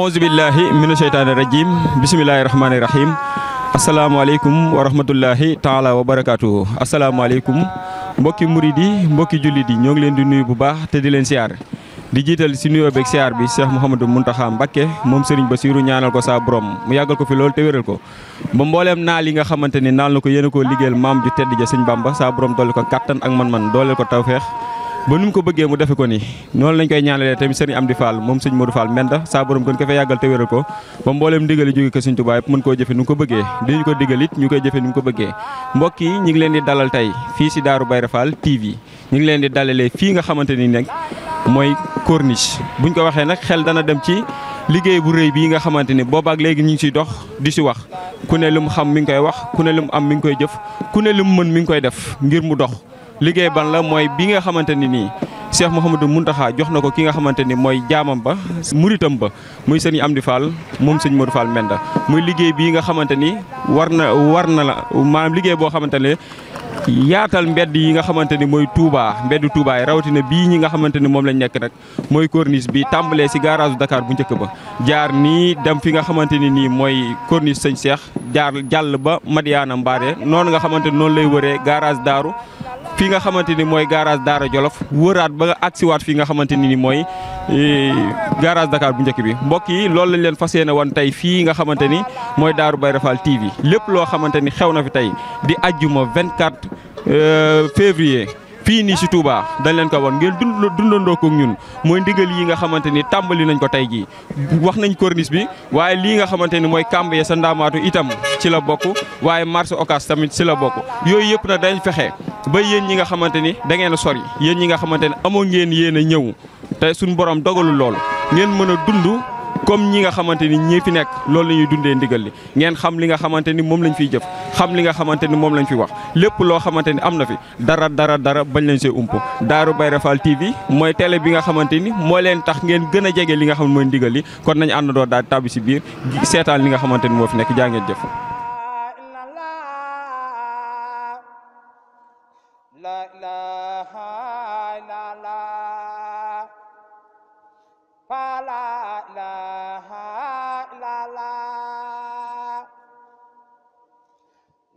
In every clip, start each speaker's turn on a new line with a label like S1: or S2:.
S1: auzu billahi mina sheytaani rajim bisimilahi rahmaani rahim asalaamaaleykum wa taala wabarakatuh Assalamualaikum asalaamaaleykum mbokki murid mbokki jullit yi ñoo leen di nuyu bu baax te di leen siar di jital ci nuyu beeg siar bi Cheikh Mouhamadou muntaha Mbacké mom Serigne basiru ñaanal ko sa borom mu yagal ko fi lol te wéral ko ba mbollem na li nga xamanteni nal nako yene ko yéen mam ju tedd ja serigne Bamba sa borom dolli ko katan ak man-man ko tawfex ba nu mu ko bëggee mu defe ko ni noonu lañ koy ñaanalee tamit sëriñ Amdi Fall moom sëñ Modou Fall Mbenda saa borom gën ko fa yàggal te wéral ko ba mbooleem ndigal jóge ko sëñ Tuubaa mën koo jëfe nu mu ko bëggee diñu ko digal it ñu koy jëfe nu mu ko bëggee mbokk yi ñu ngi leen di dalal tey fii si Daaru Bayré Fall yi ñu ngi leen di dalalee fii nga xamante ni nag mooy bu ñu ko waxee nag xel dana dem ci liggéey bu rëy bii nga xamante ni boobaak léegi ñu ngi siy dox di si wax ku ne mu xam mi ngi koy wax ku ne lu mu am mi ngi koy jëf ku ne lu mu mën mi ngi koy def ngir mu dox liggéey ban la mooy bi nga xamante ni nii Cheikh Mouhamadou Mountakha jox na ko ki nga xamante ni mooy jaamam ba muritam ba muy sëñ Amdi Fall moom sëñ Modou Fall Menda muy liggéey bii nga xamante ni war na war na la maanaam liggéey boo xamante ne yaatal mbedd yi nga xamante ni mooy Touba mbedd Touba rawatina bii ñi nga xamante ni moom lañ nekk rek mooy corniche bi tàmbalee si garage Dakar bu njëkk ba jaar nii dem fi nga xamante ni nii mooy corniche sëñ Cheikh jaar jàll ba Madiana mbaade noonu nga xamante ni noonu lay wëree garage Daaru fii nga xamante ni mooy garage Daara Jolof wëraat ba agsiwaat fii nga xamante ni mooy e, garage Dakar bu njëkk bi mbokk yi loolu lañ leen fas yéene woon tey fii nga xamante ni mooy Daaru Bairé Fall TV lépp loo xamante ni xew na fi tey di ajjuma 24 euh, février. fii nii si Touba dañ leen ko won ngeen dund dundandoo ko ñun mooy ndigal yi nga xamante ni tàmbali nañ ko tey jii wax nañ corniche bi waaye lii nga xamante ni mooy kàmb ya sa ndaamaatu itam ci la bokk waaye marché Ocass tamit ci la bokk yooyu yëpp na dañ fexe ba yéen ñi nga xamante ni da ngeen a sori yéen ñi nga xamante ni amoo ngeen yéen a ñëw te suñu borom dogalul loolu ngeen mën a dund comme ñi nga xamante ni ñi fi nekk loolu la ñuy dundee ndigal li ngeen xam li nga xamante ni moom lañ fiy jëf xam li nga xamante ni moom lañ fi wax lépp loo xamante ni am na fi dara dara dara bañ lañ see ump Daaru bay Fall TV mooy télé bi nga xamante ni moo leen tax ngeen gën a jege li nga xam ne mooy ndigal li kon nañ àndandoo daal tàbbi si biir seetaan li nga xamante ni moo fi nekk jaa ngeen jëf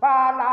S2: ba la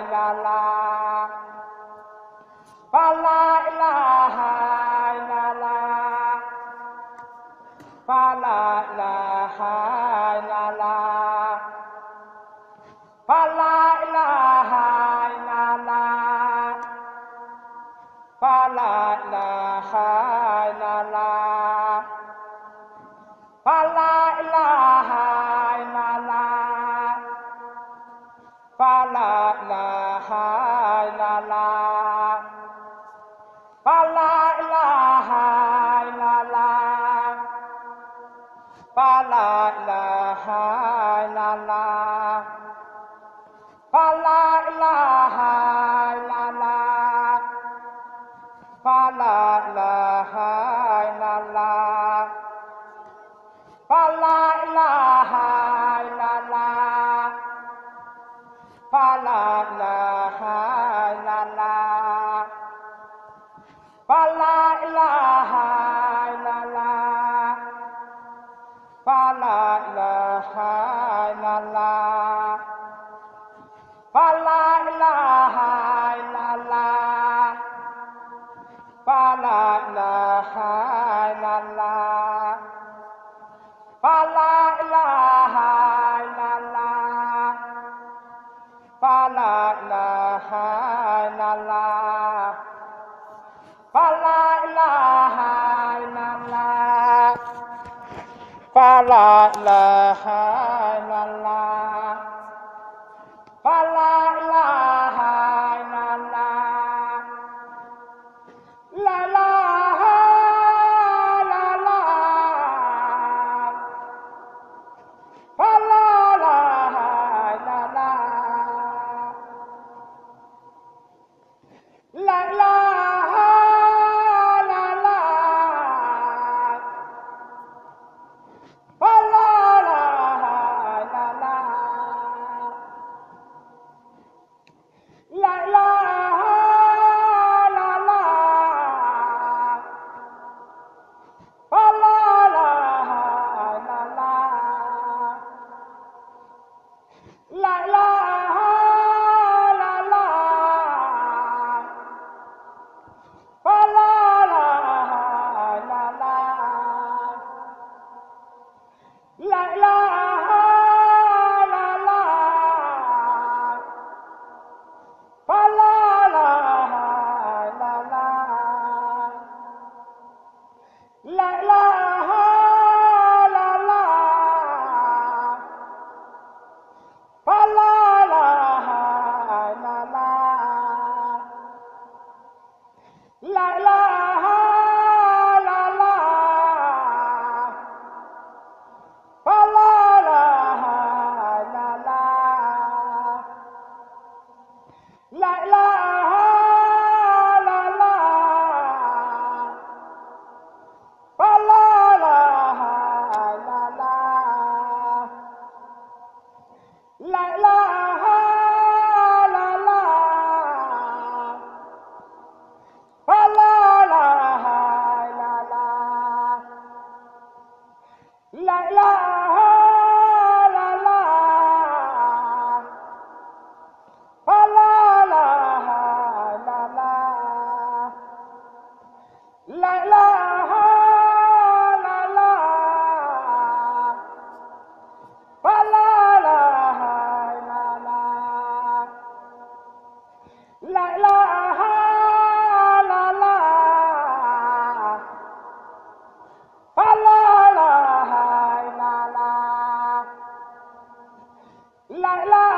S2: la la la ba la la ha la la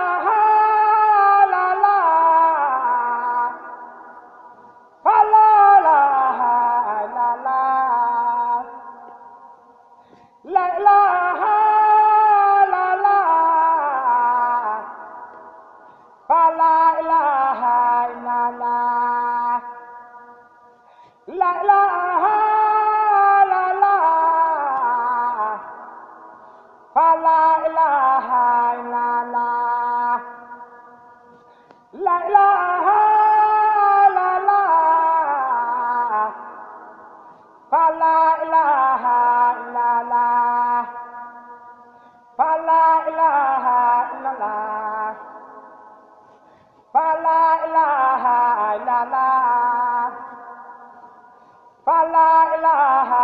S2: Ah. fa la ilaha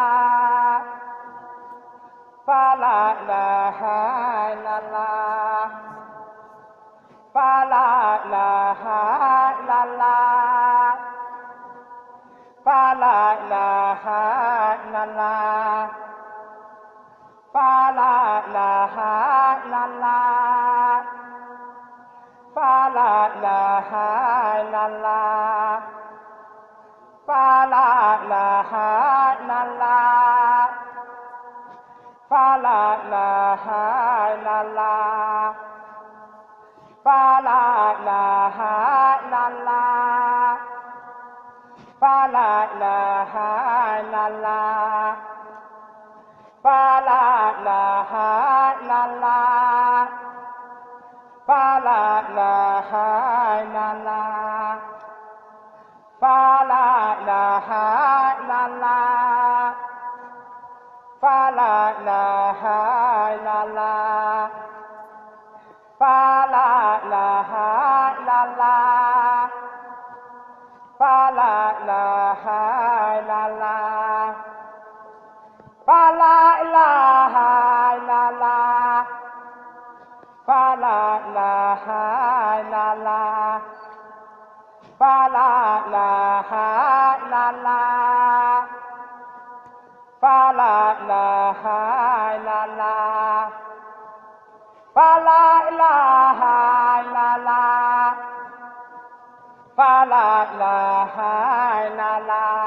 S2: la la la la la la la, Fa la ilaha la.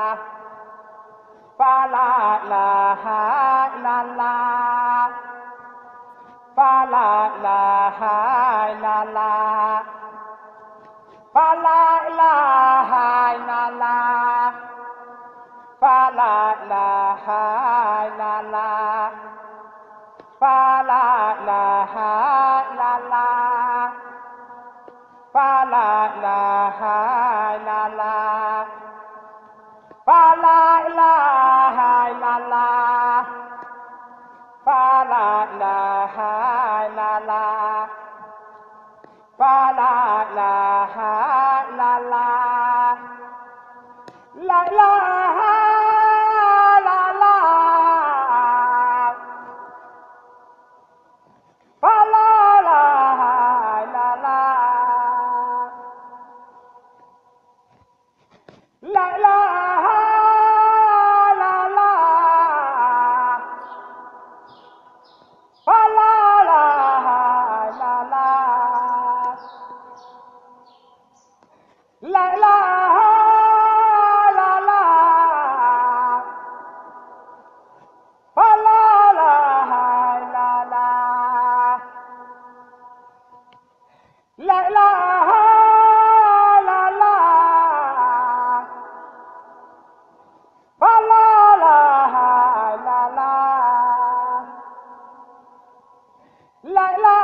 S2: 来 a 来来。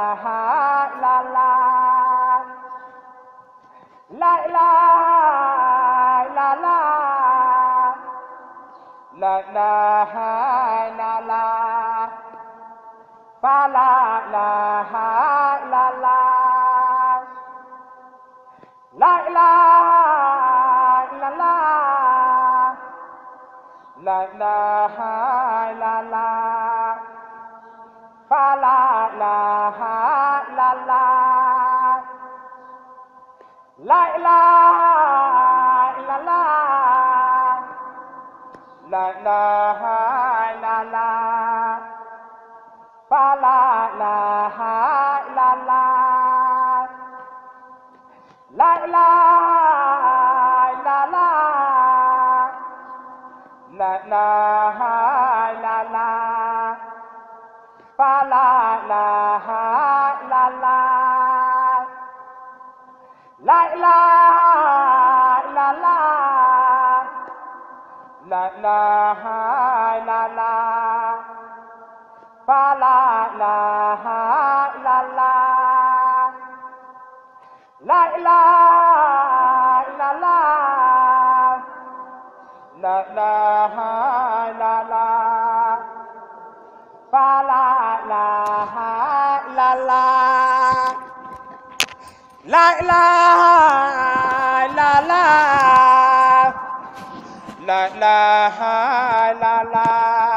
S2: la la la la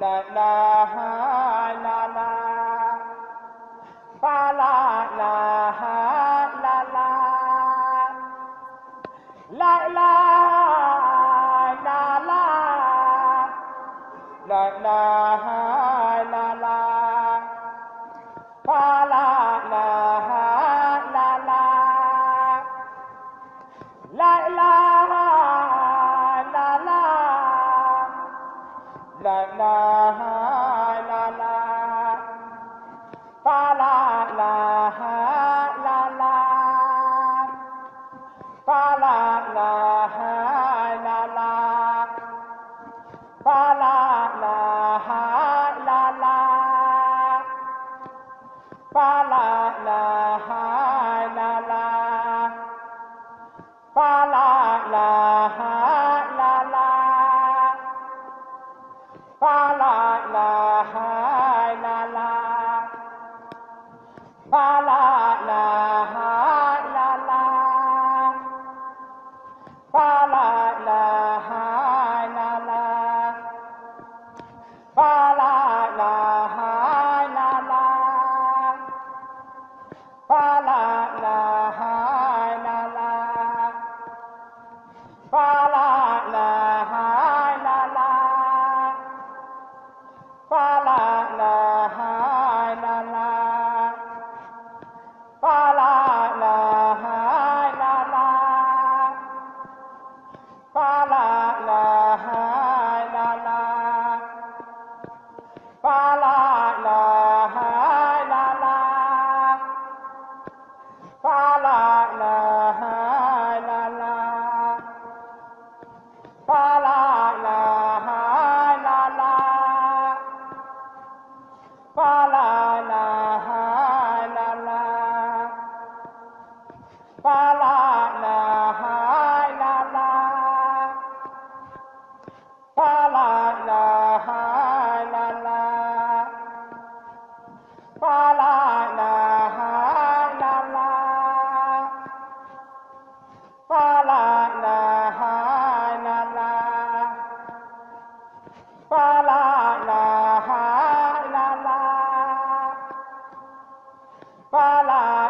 S2: đại la hán palabras.